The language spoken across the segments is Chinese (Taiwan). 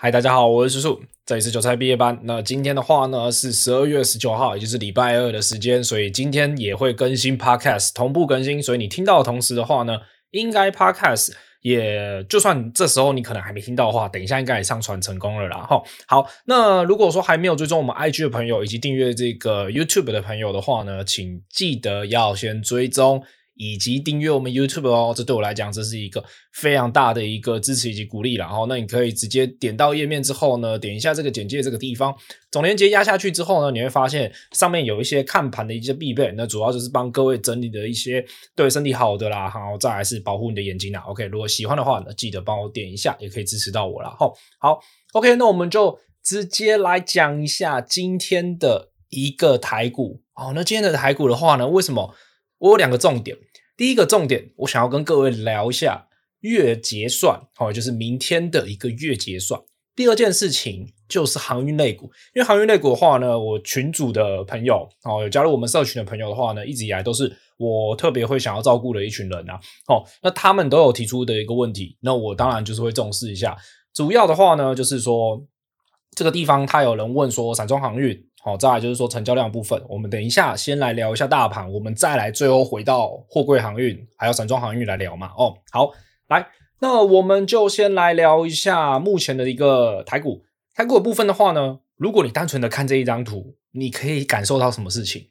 嗨，大家好，我是叔叔，這裡是韭菜畢業班。那今天的話呢，是十二月十九號，也就是禮拜二的時間，所以今天也會更新 podcast，同步更新。所以你聽到的同時的話呢，應該 podcast 也就算這時候你可能還沒聽到的話，等一下應該也上傳成功了啦。吼，好，那如果說還沒有追蹤我們 IG 的朋友，以及訂閱這個 YouTube 的朋友的話呢，請記得要先追蹤，以及訂閱我們 YouTube 哦，這對我來講這是一個非常大的一個支持以及鼓勵了哈、哦。那你可以直接點到頁面之後呢，點一下這個簡介這個地方，總連結壓下去之後呢，你會發現上面有一些看盤的一些必備，那主要就是幫各位整理的一些對身體好的啦，然後再來是保護你的眼睛啦。OK，如果喜歡的話呢，記得幫我點一下，也可以支持到我了哈、哦。好，OK，那我們就直接來講一下今天的一個台股哦。那今天的台股的話呢，為什麼？我有兩個重點，第一個重點，我想要跟各位聊一下月結算，哦，就是明天的一個月結算。第二件事情就是航運類股，因為航運類股的話呢，我群組的朋友，哦，有加入我們社群的朋友的話呢，一直以來都是我特別會想要照顧的一群人啊。哦，那他們都有提出的一個問題，那我當然就是會重視一下。主要的話呢，就是說這個地方他有人問說，散裝航運。好、哦,再來就是說成交量的部分，我們等一下先來聊一下大盤，我們再來最後回到貨櫃航運還有散裝航運來聊嘛。哦，好，來，那我們就先來聊一下目前的一個台股，台股的部分的話呢，如果你單純的看這一張圖，你可以感受到什麼事情？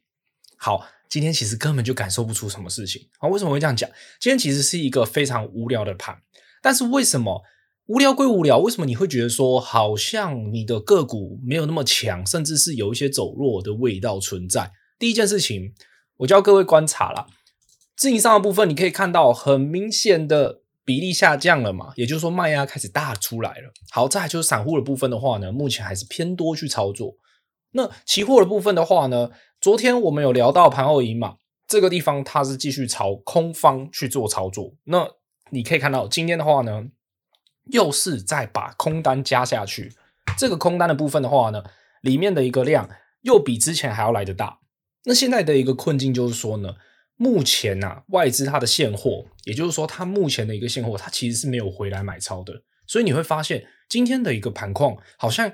好，今天其實根本就感受不出什麼事情啊、哦，為什麼會這樣講？今天其實是一個非常無聊的盤，但是為什麼？無聊歸無聊，為什麼你會覺得說好像你的個股沒有那麼強，甚至是有一些走弱的味道存在？第一件事情，我叫各位觀察啦，自營上的部分你可以看到，很明顯的比例下降了嘛，也就是說賣壓開始大出來了。好，再來就是散戶的部分的話呢，目前還是偏多去操作。那期貨的部分的話呢，昨天我們有聊到盤後營嘛，這個地方它是繼續朝空方去做操作。那你可以看到今天的話呢。又是在把空單加下去，這個空單的部分的話呢，裡面的一個量又比之前還要來得大。那現在的一個困境就是說呢，目前吶、啊，外資它的現貨，也就是說它目前的一個現貨，它其實是沒有回來買超的。所以你會發現今天的一個盤況好像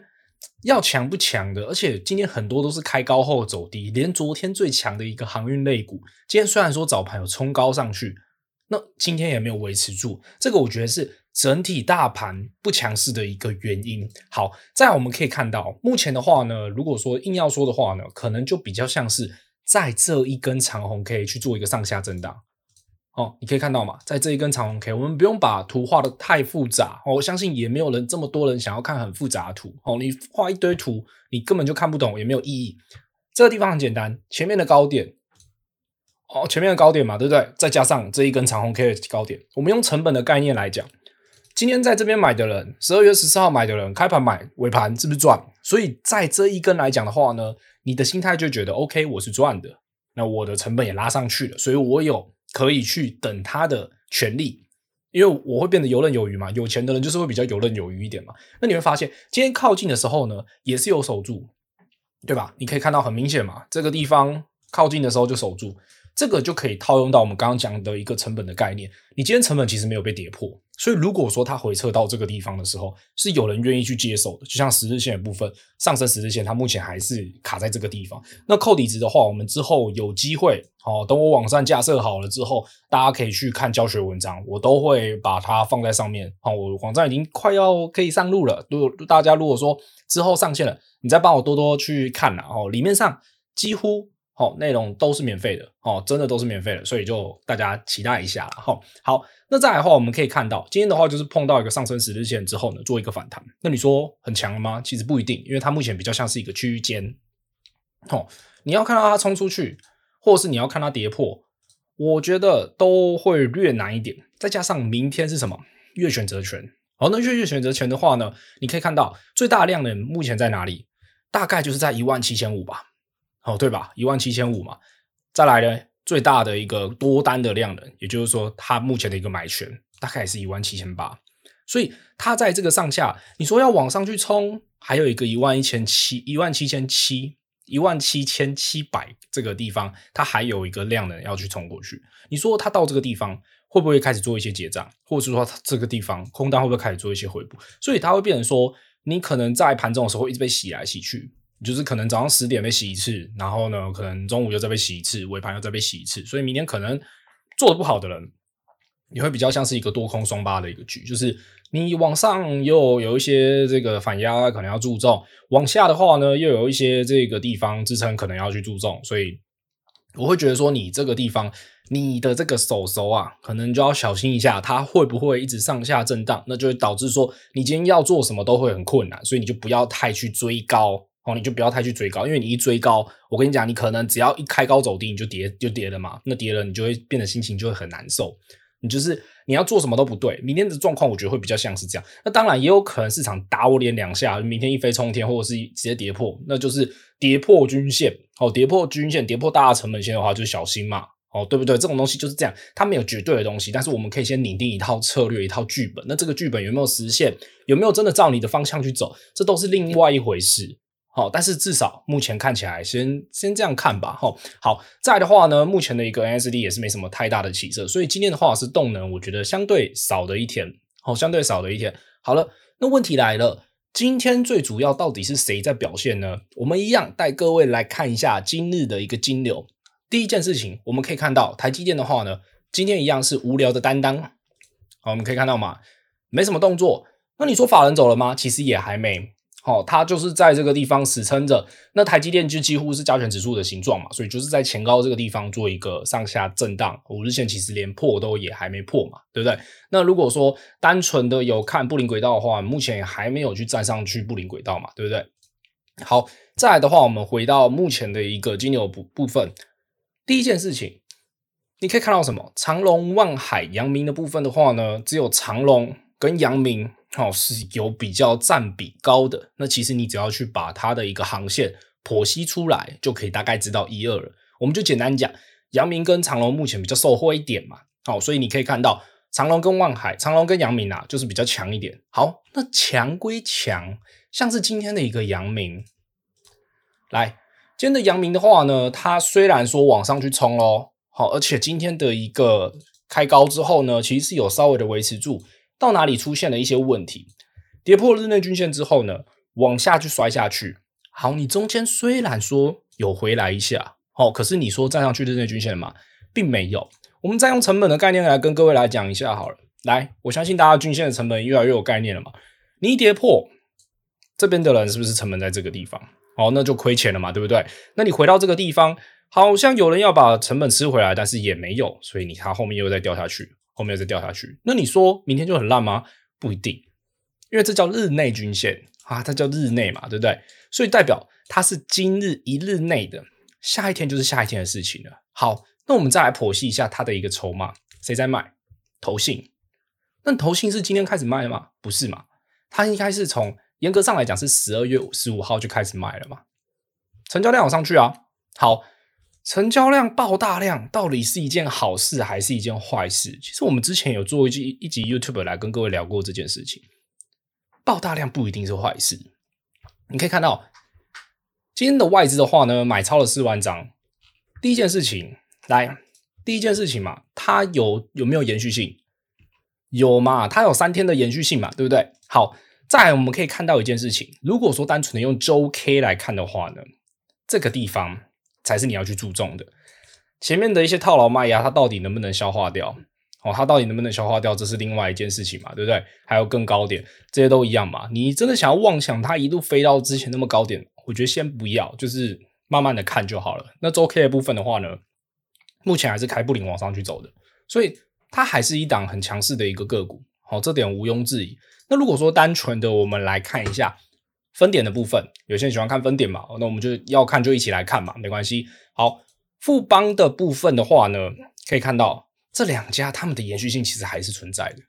要強不強的，而且今天很多都是開高後走低，連昨天最強的一個航運類股，今天雖然說早盤有衝高上去，那今天也沒有維持住。這個我覺得是。整體大盤不強勢的一個原因，好，再來我們可以看到，目前的話呢，如果說硬要說的話呢，可能就比較像是在這一根長紅 K 去做一個上下震盪。哦，你可以看到嘛，在這一根長紅 K，我們不用把圖畫得太複雜，哦，我相信也沒有人這麼多人想要看很複雜的圖。哦，你畫一堆圖，你根本就看不懂，也沒有意義。這個地方很簡單，前面的高點，哦，前面的高點嘛，對不對？再加上這一根長紅 K 的高點，我們用成本的概念來講。今天在這邊買的人，十二月十四號買的人，開盤買，尾盤是不是賺？所以在這一根來講的話呢，你的心態就覺得 OK，我是賺的，那我的成本也拉上去了，所以我有可以去等它的權利，因為我會變得游刃有餘嘛。有錢的人就是會比較游刃有餘一點嘛。那你會發現，今天靠近的時候呢，也是有守住，對吧？你可以看到很明顯嘛，這個地方靠近的時候就守住，這個就可以套用到我們剛剛講的一個成本的概念。你今天成本其實沒有被跌破。所以如果說它回撤到這個地方的時候，是有人願意去接受的，就像十日線的部分，上升十日線它目前還是卡在這個地方。那扣底值的話，我們之後有機會，好，等我網站架設好了之後，大家可以去看教學文章，我都會把它放在上面。好，我網站已經快要可以上路了。如果大家如果說之後上線了，你再幫我多多去看啦。哦，裡面上幾乎。好，內容都是免費的，哦，真的都是免費的，所以就大家期待一下了，哈。好，那再來的話，我們可以看到，今天的話就是碰到一個上升十日線之後呢，做一個反彈。那你說很強了嗎？其實不一定，因為它目前比較像是一個區間。哦，你要看到它衝出去，或者是你要看它跌破，我覺得都會略難一點。再加上明天是什麼月選擇權？好，那月月選擇權的話呢，你可以看到最大的量的目前在哪裡？大概就是在一萬七千五吧。哦，對吧？一萬七千五嘛，再來呢，最大的一個多單的量能，也就是說，它目前的一個買權大概也是一萬七千八，所以它在這個上下，你說要往上去衝，還有一個一萬一千七、一萬七千七、一萬七千七百這個地方，它還有一個量能要去衝過去。你說它到這個地方會不會開始做一些結賬，或者是說他這個地方空單會不會開始做一些回補？所以它會變成說，你可能在盤中的時候一直被洗來洗去。就是可能早上十點被洗一次，然後呢，可能中午又再被洗一次，尾盤又再被洗一次，所以明天可能做得不好的人，你會比較像是一個多空雙巴的一個局，就是你往上又有一些這個反壓，可能要注重；往下的話呢，又有一些這個地方支撐，可能要去注重。所以我會覺得說，你這個地方，你的這個手手啊，可能就要小心一下，它會不會一直上下震盪？那就會導致說，你今天要做什麼都會很困難，所以你就不要太去追高。哦，你就不要太去追高，因為你一追高，我跟你講，你可能只要一開高走低，你就跌就跌了嘛。那跌了，你就會變得心情就會很難受。你就是你要做什麼都不對。明天的狀況，我覺得會比較像是這樣。那當然也有可能市場打我臉兩下，明天一飛沖天，或者是一直接跌破，那就是跌破均線哦，跌破均線，跌破大的成本線的話，就小心嘛。哦，對不對？這種東西就是這樣，它沒有絕對的東西，但是我們可以先擬定一套策略，一套劇本。那這個劇本有沒有實現，有沒有真的照你的方向去走，這都是另外一回事。好，但是至少目前看起來先，先先這樣看吧。好，好，再來的話呢，目前的一個 N S D 也是沒什麼太大的起色，所以今天的話是動能，我覺得相對少的一天。好，相對少的一天。好了，那問題來了，今天最主要到底是誰在表現呢？我們一樣帶各位來看一下今日的一個金流。第一件事情，我們可以看到台積電的話呢，今天一樣是無聊的擔當。好，我們可以看到嘛，沒什麼動作。那你說法人走了嗎？其實也還沒。好，它就是在這個地方死撐着。那台積電就幾乎是加權指數的形狀嘛，所以就是在前高這個地方做一個上下震盪。五日線其實連破都也還沒破嘛，對不對？那如果說單純的有看布林軌道的話，目前也還沒有去站上去布林軌道嘛，對不對？好，再來的話，我們回到目前的一個金流部分。第一件事情，你可以看到什麼？長榮、萬海、陽明的部分的話呢，只有長榮。跟陽明哦，是有比較占比高的，那其實你只要去把它的一個航線剖析出來，就可以大概知道一二了。我們就簡單講，陽明跟長榮目前比較受惠一點嘛，好、哦，所以你可以看到長榮跟萬海、長榮跟陽明啊，就是比較強一點。好，那強歸強，像是今天的一個陽明，來今天的陽明的話呢，它雖然說往上去衝咯，好，而且今天的一個開高之後呢，其實是有稍微的維持住。到哪裡出現了一些問題，跌破日內均線之後呢，往下去摔下去。好，你中間雖然說有回來一下，好、哦，可是你說站上去日內均線了嘛，並沒有。我們再用成本的概念來跟各位來講一下好了。來，我相信大家均線的成本越來越有概念了嘛。你一跌破這邊的人是不是成本在這個地方？好，那就虧錢了嘛，對不對？那你回到這個地方，好像有人要把成本吃回來，但是也沒有，所以你它後面又再掉下去。後面又再掉下去，那你說明天就很爛嗎？不一定，因為這叫日內均線啊，它叫日內嘛，對不對？所以代表它是今日一日內的，下一天就是下一天的事情了。好，那我們再來剖析一下它的一個籌碼，誰在賣？投信，那投信是今天開始賣的嗎？不是嘛，它應該是從嚴格上來講是十二月十五號就開始賣了嘛，成交量有上去啊。好。成交量爆大量，到底是一件好事還是一件壞事？其實我們之前有做一集一集 YouTube 來跟各位聊過這件事情。爆大量不一定是壞事，你可以看到今天的外資的話呢，買超了四萬張。第一件事情，來，第一件事情嘛，它有有沒有延續性？有嘛，它有三天的延續性嘛，對不對？好，再來我們可以看到一件事情，如果說單純的用週 K 來看的話呢，這個地方。才是你要去注重的，前面的一些套牢賣壓，它到底能不能消化掉？哦，它到底能不能消化掉？這是另外一件事情嘛，對不對？還有更高點，這些都一樣嘛。你真的想要妄想它一路飛到之前那麼高點，我覺得先不要，就是慢慢的看就好了。那周 K 的部分的話呢，目前還是開布林往上去走的，所以它還是一檔很強勢的一個個股，好、哦，這點毋庸置疑。那如果說單純的我們來看一下。分點的部分，有些人喜歡看分點嘛，那我們就要看就一起來看嘛，沒關係。好，富邦的部分的話呢，可以看到這兩家他們的延續性其實還是存在的，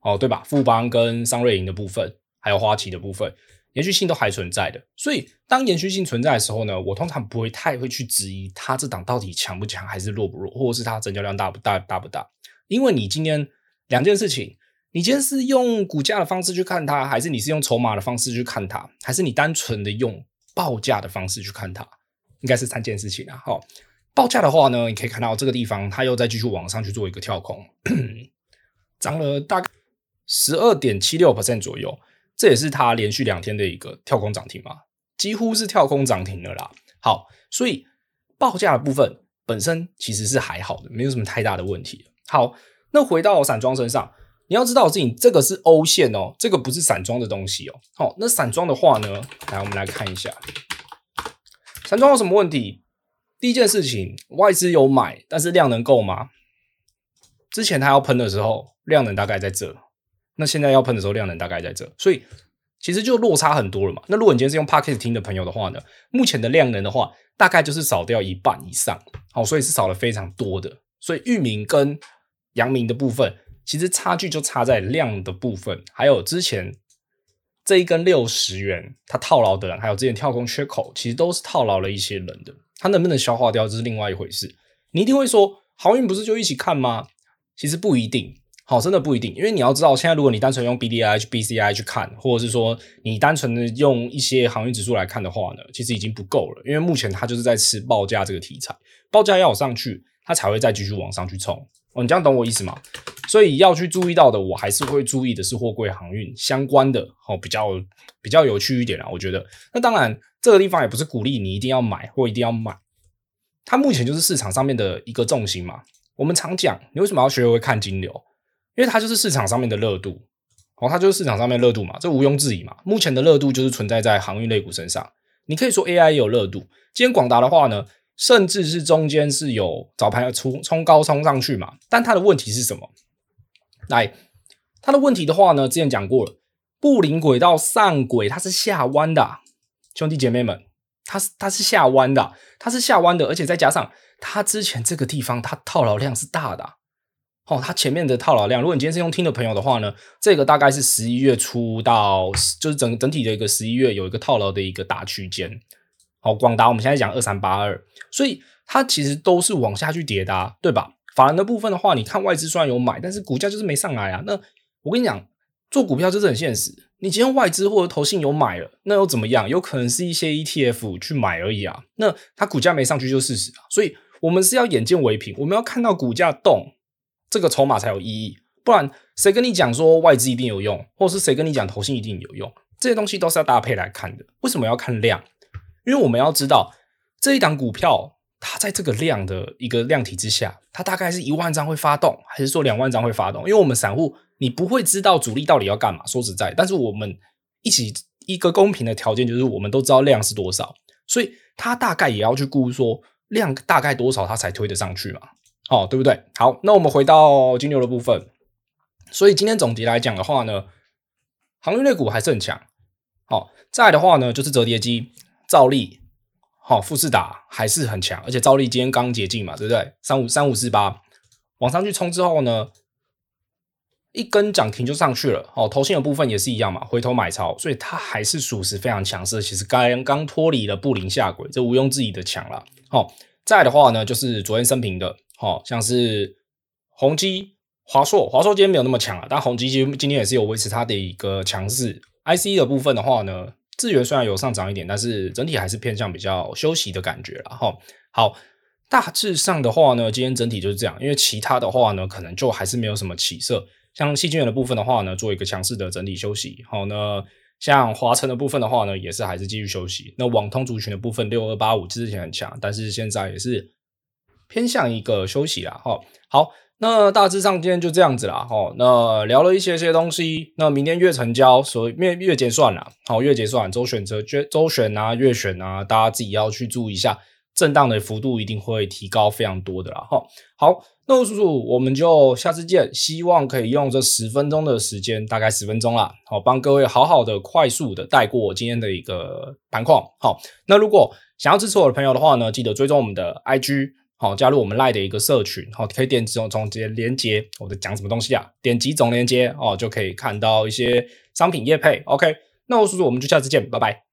哦，對吧？富邦跟商瑞銀的部分，還有花旗的部分，延續性都還存在的。所以當延續性存在的時候呢，我通常不會太會去質疑它這檔到底強不強，還是弱不弱，或者是它成交量大不大，大不大。因為你今天兩件事情。你今天是用股價的方式去看它，還是你是用籌碼的方式去看它，還是你單純的用報價的方式去看它？應該是三件事情啊。好，哦，報價的話呢，你可以看到這個地方，它又在繼續往上去做一個跳空，漲 了大概十二點七六%左右，這也是它連續兩天的一個跳空漲停嘛，幾乎是跳空漲停了啦。好，所以報價的部分本身其實是還好的，沒有什麼太大的問題。好，那回到散裝身上。你要知道自己這個是歐線哦，這個不是散裝的東西哦。好、哦，那散裝的話呢，來我們來看一下散裝有什麼問題。第一件事情，外資有買，但是量能夠嗎？之前他要噴的時候，量能大概在這；那現在要噴的時候，量能大概在這，所以其實就落差很多了嘛。那如果你今天是用 Podcast 聽的朋友的話呢，目前的量能的話，大概就是少掉一半以上。好、哦，所以是少了非常多的。所以裕民跟陽明的部分。其實差距就差在量的部分，還有之前這一根六十元它套牢的人，還有之前跳空缺口，其實都是套牢了一些人的。它能不能消化掉，這是另外一回事。你一定會說，航運不是就一起看嗎？其實不一定，好，真的不一定，因為你要知道，現在如果你單純用 BDI、BCI 去看，或者是說你單純的用一些航運指數來看的話呢，其實已經不夠了，因為目前它就是在吃報價這個題材，報價要有上去，它才會再繼續往上去衝。哦，你這樣懂我意思嗎？所以要去注意到的，我還是會注意的是貨櫃航運相關的哦，比較比較有趣一點啦。我覺得，那當然這個地方也不是鼓勵你一定要買或一定要賣，它目前就是市場上面的一個重心嘛。我們常講，你為什麼要學會看金流？因為它就是市場上面的熱度哦，它就是市場上面熱度嘛，這毋庸置疑嘛。目前的熱度就是存在在航運類股身上，你可以說 AI 有熱度，今天廣達的話呢，甚至是中間是有早盤要衝衝高衝上去嘛，但它的問題是什麼？來，他的問題的話呢，之前講過了，布林軌道上軌它是下彎的、啊，兄弟姐妹們，它是它是下彎的、啊，它是下彎的，而且再加上它之前這個地方它套牢量是大的、啊，哦，它前面的套牢量，如果你今天是用聽的朋友的話呢，這個大概是十一月初到就是整整體的一個十一月有一個套牢的一個大區間，好，廣達我們現在講二三八二，所以它其實都是往下去跌的、啊，對吧？法人的部分的話，你看外資雖然有買，但是股價就是沒上來啊。那我跟你講，做股票就是很現實。你今天外資或者投信有買了，那又怎麼樣？有可能是一些 ETF 去買而已啊。那它股價沒上去就事實啊。所以我們是要眼見為憑，我們要看到股價動，這個籌碼才有意義。不然誰跟你講說外資一定有用，或者是誰跟你講投信一定有用？這些東西都是要搭配來看的。為什麼要看量？因為我們要知道這一檔股票。它在這個量的一個量體之下，它大概是一萬張會發動，還是說兩萬張會發動？因為我們散戶，你不會知道主力到底要幹嘛。說實在，但是我們一起一個公平的條件就是，我們都知道量是多少，所以它大概也要去估說量大概多少，它才推得上去嘛？哦，對不對？好，那我們回到金牛的部分。所以今天總結來講的話呢，航運類股還是很強。好、哦，再來的話呢，就是折疊機、兆利。好、哦，富世達還是很強，而且兆利今天剛解禁嘛，對不對？三五三五四八往上去衝之後呢，一根漲停就上去了。哦，投信的部分也是一樣嘛，回頭買超，所以它還是屬實非常強勢。其實剛剛脫離了布林下軌，這毋庸置疑的強了。好、哦，再來的話呢，就是昨天生平的，好、哦、像是宏碁、華碩，華碩今天沒有那麼強了、啊，但宏碁今今天也是有維持它的一個強勢。I C 的部分的話呢？資源雖然有上漲一點，但是整體還是偏向比較休息的感覺了哈。好，大致上的話呢，今天整體就是這樣，因為其他的話呢，可能就還是沒有什麼起色。像矽晶圓的部分的話呢，做一個強勢的整體休息。好呢，像華城的部分的話呢，也是還是繼續休息。那網通族群的部分，6285之前很強，但是現在也是偏向一個休息啦，哈。好。那大致上今天就這樣子啦，好，那聊了一些些東西，那明天月成交所以月月結算啦，好月結算周選擇周周選啊月選啊，大家自己要去注意一下，震盪的幅度一定會提高非常多的啦，好，好，那我叔叔我們就下次見，希望可以用這十分鐘的時間，大概十分鐘啦，好幫各位好好的快速的帶過今天的一個盤況，好，那如果想要支持我的朋友的話呢，記得追蹤我們的 IG。好，加入我們 Line 的一個社群，好，可以點擊總總連結。我在講什麼東西啊？點擊總連結哦，就可以看到一些商品業配。OK，那我叔叔，我們就下次見，拜拜。